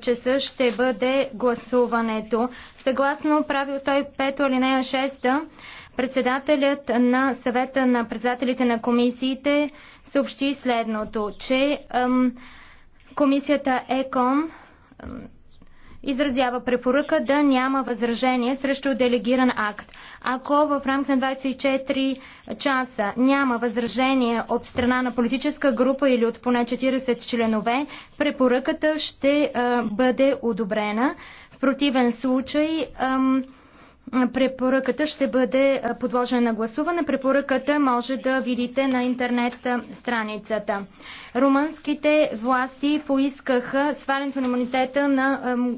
часа ще бъде гласуването. Съгласно правил 105 алинея 6, председателят на съвета на председателите на комисиите съобщи следното, че ем, комисията ЕКОН изразява препоръка да няма възражение срещу делегиран акт. Ако в рамките на 24 часа няма възражение от страна на политическа група или от поне 40 членове, препоръката ще бъде одобрена. В противен случай препоръката ще бъде подложена на гласуване. Препоръката може да видите на интернет страницата. Румънските власти поискаха свалянето на имунитета на